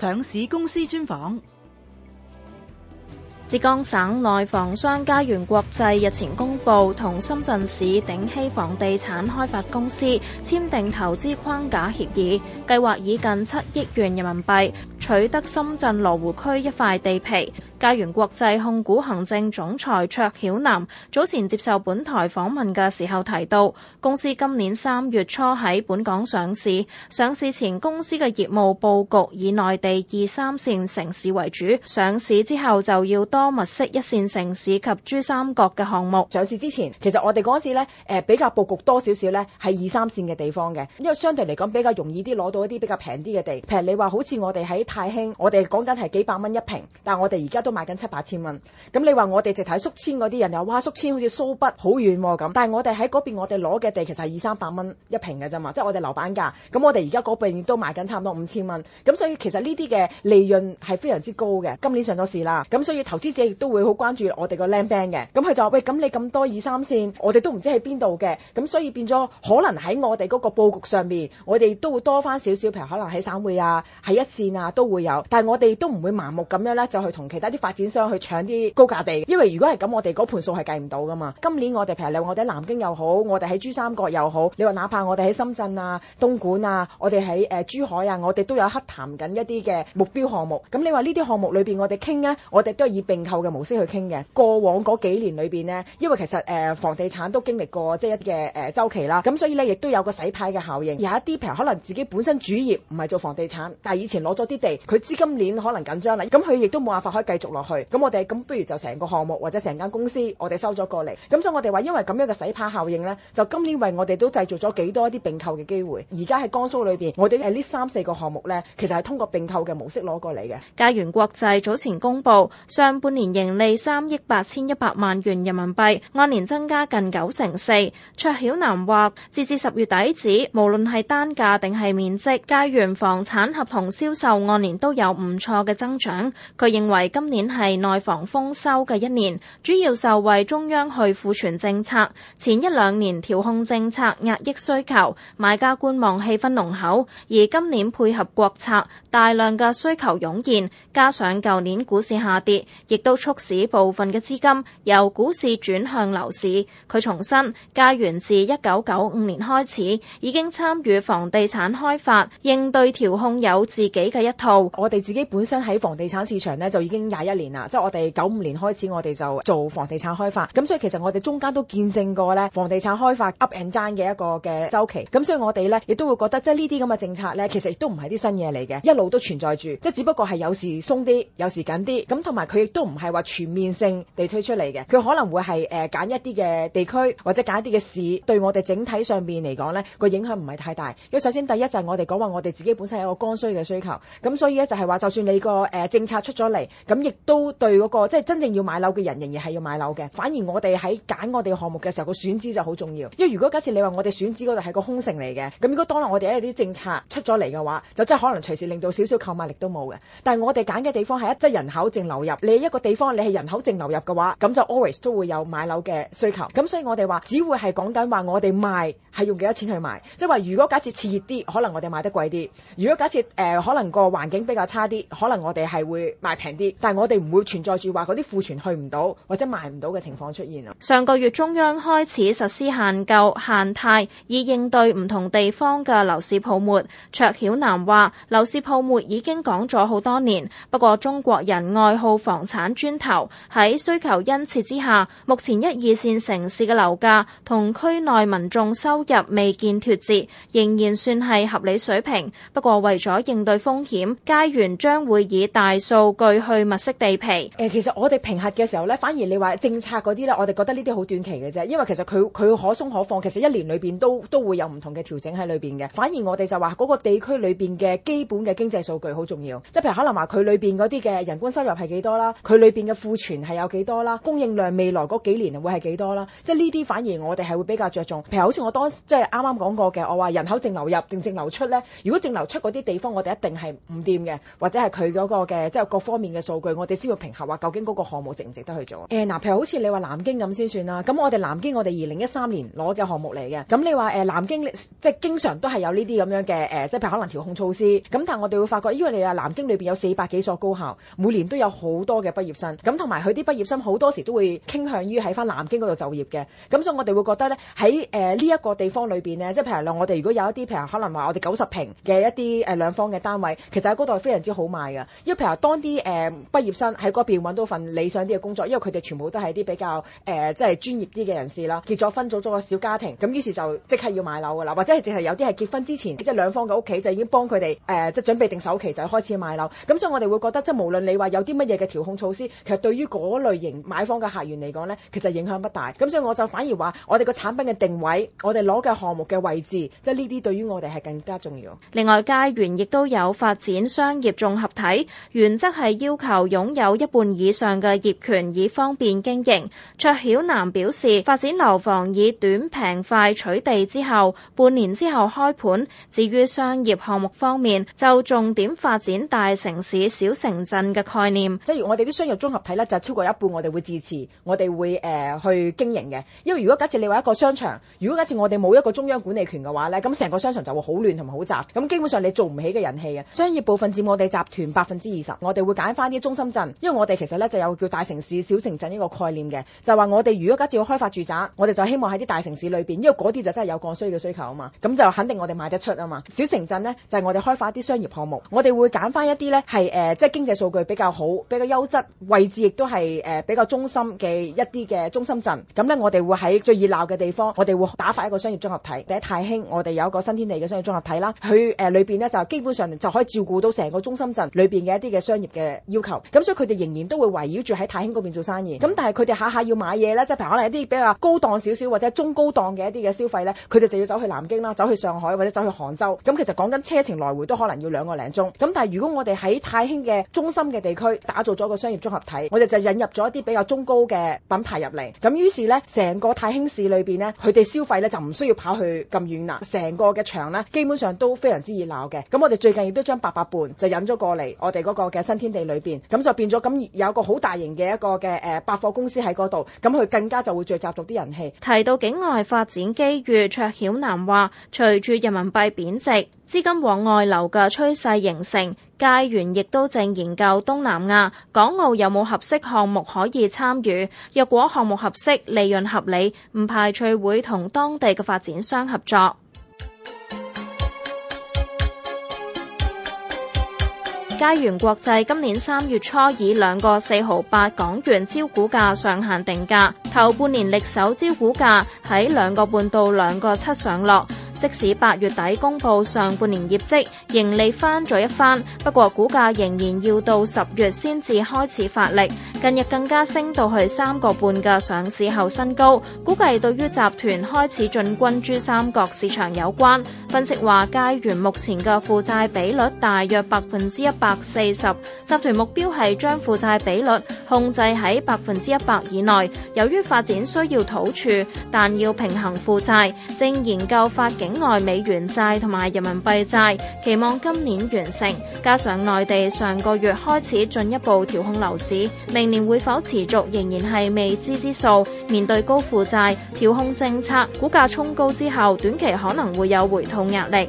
上市公司專訪。浙江省內房商佳源國際日前公布，同深圳市鼎曦房地產開發公司簽訂投資框架協議，計劃以近七億元人民幣取得深圳羅湖區一塊地皮。佳源國際控股行政總裁卓曉楠早前接受本台訪問嘅時候提到，公司今年三月初喺本港上市，上市前公司嘅業務布局以內地二三線城市為主，上市之後就要多，多物色、一線城市及珠三角嘅項目。上市之前，其實我哋嗰時咧，誒、呃、比較布局多少少咧，係二三線嘅地方嘅，因為相對嚟講比較容易啲攞到一啲比較平啲嘅地。譬如你話好似我哋喺泰興，我哋講緊係幾百蚊一平，但係我哋而家都賣緊七八千蚊。咁你話我哋直頭喺宿遷嗰啲人又話宿遷好似蘇北好遠咁，哦，但係我哋喺嗰邊我哋攞嘅地其實係二三百蚊一平嘅啫嘛，即、就、係、是、我哋樓板價。咁我哋而家嗰邊都賣緊差唔多五千蚊。咁所以其實呢啲嘅利潤係非常之高嘅。今年上咗市啦，咁所以投資。記者亦都會好關注我哋個 land bank 嘅，咁佢就話：喂，咁你咁多二三線，我哋都唔知喺邊度嘅，咁所以變咗可能喺我哋嗰個佈局上面，我哋都會多翻少少，譬如可能喺省會啊、喺一線啊都會有，但係我哋都唔會盲目咁樣呢，就去同其他啲發展商去搶啲高價地，因為如果係咁，我哋嗰盤數係計唔到噶嘛。今年我哋譬如你話我哋喺南京又好，我哋喺珠三角又好，你話哪怕我哋喺深圳啊、東莞啊，我哋喺誒珠海啊，我哋都有刻談緊一啲嘅目標項目。咁你話呢啲項目裏邊我哋傾呢，我哋都係以併購嘅模式去傾嘅，過往嗰幾年裏邊呢，因為其實誒房地產都經歷過即係一嘅誒周期啦，咁所以呢，亦都有個洗牌嘅效應，有一啲譬如可能自己本身主業唔係做房地產，但係以前攞咗啲地，佢資金鏈可能緊張啦，咁佢亦都冇辦法可以繼續落去，咁我哋咁不如就成個項目或者成間公司，我哋收咗過嚟，咁所以我哋話因為咁樣嘅洗牌效應呢，就今年為我哋都製造咗幾多啲併購嘅機會，而家喺江蘇裏邊，我哋係呢三四個項目呢，其實係通過併購嘅模式攞過嚟嘅。佳源國際早前公布上半年盈利三億八千一百萬元人民幣，按年增加近九成四。卓曉楠話，截至十月底止，無論係單價定係面積，佳源房產合同銷售按年都有唔錯嘅增長。佢認為今年係內房豐收嘅一年，主要受惠中央去庫存政策。前一兩年調控政策壓抑需求，買家觀望氣氛濃厚，而今年配合國策，大量嘅需求湧現，加上舊年股市下跌，亦亦都促使部分嘅資金由股市轉向樓市。佢重申，佳源自一九九五年開始已經參與房地產開發，應對調控有自己嘅一套。我哋自己本身喺房地產市場呢，就已經廿一年啦，即係我哋九五年開始我哋就做房地產開發，咁所以其實我哋中間都見證過呢房地產開發 up and down 嘅一個嘅周期。咁所以我哋呢，亦都會覺得，即係呢啲咁嘅政策呢，其實亦都唔係啲新嘢嚟嘅，一路都存在住，即係只不過係有時鬆啲，有時緊啲。咁同埋佢亦都。唔係話全面性地推出嚟嘅，佢可能會係誒揀一啲嘅地區或者揀一啲嘅市，對我哋整體上面嚟講呢個影響唔係太大。因為首先第一就係我哋講話我哋自己本身係一個剛需嘅需求，咁所以咧就係話就算你個誒、呃、政策出咗嚟，咁亦都對嗰、那個即係、就是、真正要買樓嘅人仍然係要買樓嘅。反而我哋喺揀我哋嘅項目嘅時候，個選址就好重要。因為如果假設你話我哋選址嗰度係個空城嚟嘅，咁如果當落我哋一啲政策出咗嚟嘅話，就真係可能隨時令到少少購買力都冇嘅。但係我哋揀嘅地方係一即係人口淨流入，你一個地方你係人口淨流入嘅話，咁就 always 都會有買樓嘅需求。咁所以我哋話，只會係講緊話我哋賣係用幾多錢去賣。即係話，如果假設熾熱啲，可能我哋賣得貴啲；如果假設誒，可能個環境比較差啲，可能我哋係會賣平啲。但係我哋唔會存在住話嗰啲庫存去唔到或者賣唔到嘅情況出現啊。上個月中央開始實施限購限貸，以應對唔同地方嘅樓市泡沫。卓曉楠話：樓市泡沫已經講咗好多年，不過中國人愛好房產。鏟磚頭，喺需求殷切之下，目前一二線城市嘅樓價同區內民眾收入未見脫節，仍然算係合理水平。不過為咗應對風險，佳源將會以大數據去物色地皮。誒、呃，其實我哋評核嘅時候咧，反而你話政策嗰啲咧，我哋覺得呢啲好短期嘅啫，因為其實佢佢可鬆可放，其實一年裏邊都都會有唔同嘅調整喺裏邊嘅。反而我哋就話嗰、那個地區裏邊嘅基本嘅經濟數據好重要，即係譬如可能話佢裏邊嗰啲嘅人均收入係幾多啦。佢裏邊嘅庫存係有幾多啦？供應量未來嗰幾年會係幾多啦？即係呢啲反而我哋係會比較着重。譬如好似我當時即係啱啱講過嘅，我話人口淨流入定淨流出咧？如果淨流出嗰啲地方，我哋一定係唔掂嘅，或者係佢嗰個嘅即係各方面嘅數據，我哋先要評核話究竟嗰個項目值唔值得去做。誒、欸，嗱、呃，譬如好似你話南京咁先算啦。咁我哋南京我哋二零一三年攞嘅項目嚟嘅。咁你話誒、呃、南京即係經常都係有呢啲咁樣嘅誒、呃，即係譬如可能調控措施。咁但係我哋會發覺，因為你話南京裏邊有四百幾所高校，每年都有好多嘅。畢業生咁同埋佢啲畢業生好多時都會傾向於喺翻南京嗰度就業嘅，咁所以我哋會覺得咧，喺誒呢一個地方裏邊咧，即係譬如我哋如果有一啲譬如可能話我哋九十平嘅一啲誒兩方嘅單位，其實喺嗰度係非常之好賣嘅。因為譬如話當啲誒畢業生喺嗰邊搵到份理想啲嘅工作，因為佢哋全部都係啲比較誒即係專業啲嘅人士啦，結咗婚組咗咗個小家庭，咁於是就即刻要買樓噶啦，或者係淨係有啲係結婚之前即係兩方嘅屋企就已經幫佢哋誒即係準備定首期就開始買樓。咁所以我哋會覺得即係無論你話有啲乜嘢嘅調控措。老師其實對於嗰類型買房嘅客源嚟講咧，其實影響不大。咁所以我就反而話，我哋個產品嘅定位，我哋攞嘅項目嘅位置，即係呢啲對於我哋係更加重要。另外，佳源亦都有發展商業綜合體，原則係要求擁有一半以上嘅業權以方便經營。卓曉楠表示，發展樓房以短平快取地之後，半年之後開盤。至於商業項目方面，就重點發展大城市、小城鎮嘅概念。即係我哋啲。商業綜合體咧就係、超過一半，我哋會自持，我哋會誒、呃、去經營嘅。因為如果假設你話一個商場，如果假設我哋冇一個中央管理權嘅話咧，咁成個商場就會好亂同埋好雜。咁基本上你做唔起嘅人氣嘅。商業部分佔我哋集團百分之二十，我哋會揀翻啲中心鎮。因為我哋其實咧就有叫大城市、小城鎮呢個概念嘅，就話我哋如果假設要開發住宅，我哋就希望喺啲大城市裏面，因為嗰啲就真係有需要嘅需求啊嘛。咁就肯定我哋賣得出啊嘛。小城鎮呢，就係、是、我哋開發一啲商業項目，我哋會揀翻一啲呢即係、呃就係、經濟數據比較好、比較優質。位置亦都係誒比較中心嘅一啲嘅中心鎮，咁呢，我哋會喺最熱鬧嘅地方，我哋會打發一個商業綜合體。喺泰興，我哋有一個新天地嘅商業綜合體啦，佢誒裏邊呢，就基本上就可以照顧到成個中心鎮裏邊嘅一啲嘅商業嘅要求。咁所以佢哋仍然都會圍繞住喺泰興嗰邊做生意。咁但係佢哋下下要買嘢呢，即係譬如可能一啲比較高檔少少或者中高檔嘅一啲嘅消費呢，佢哋就要走去南京啦，走去上海或者走去杭州。咁其實講緊車程來回都可能要兩個零鐘。咁但係如果我哋喺泰興嘅中心嘅地區打造咗一個商業綜合體，我哋就引入咗一啲比較中高嘅品牌入嚟，咁於是呢，成個泰興市裏邊呢，佢哋消費呢就唔需要跑去咁遠啦，成個嘅場呢，基本上都非常之熱鬧嘅。咁我哋最近亦都將八佰伴就引咗過嚟我哋嗰個嘅新天地裏邊，咁就變咗咁有一個好大型嘅一個嘅誒百貨公司喺嗰度，咁佢更加就會聚集咗啲人氣。提到境外發展機遇，卓曉楠話，隨住人民幣貶值。資金往外流嘅趨勢形成，佳源亦都正研究東南亞、港澳有冇合適項目可以參與。若果項目合適、利潤合理，唔排除會同當地嘅發展商合作。佳源國際今年三月初以兩個四毫八港元招股價上限定價，頭半年力守招股價喺兩個半到兩個七上落。即使八月底公布上半年業績，盈利翻咗一番，不過股價仍然要到十月先至開始發力。近日更加升到去三個半嘅上市後新高，估計對於集團開始進軍珠三角市場有關。分析話，佳源目前嘅負債比率大約百分之一百四十，集團目標係將負債比率控制喺百分之一百以內。由於發展需要土儲，但要平衡負債，正研究發行。境外美元債同埋人民幣債，期望今年完成。加上內地上個月開始進一步調控樓市，明年會否持續仍然係未知之數。面對高負債、調控政策，股價衝高之後，短期可能會有回吐壓力。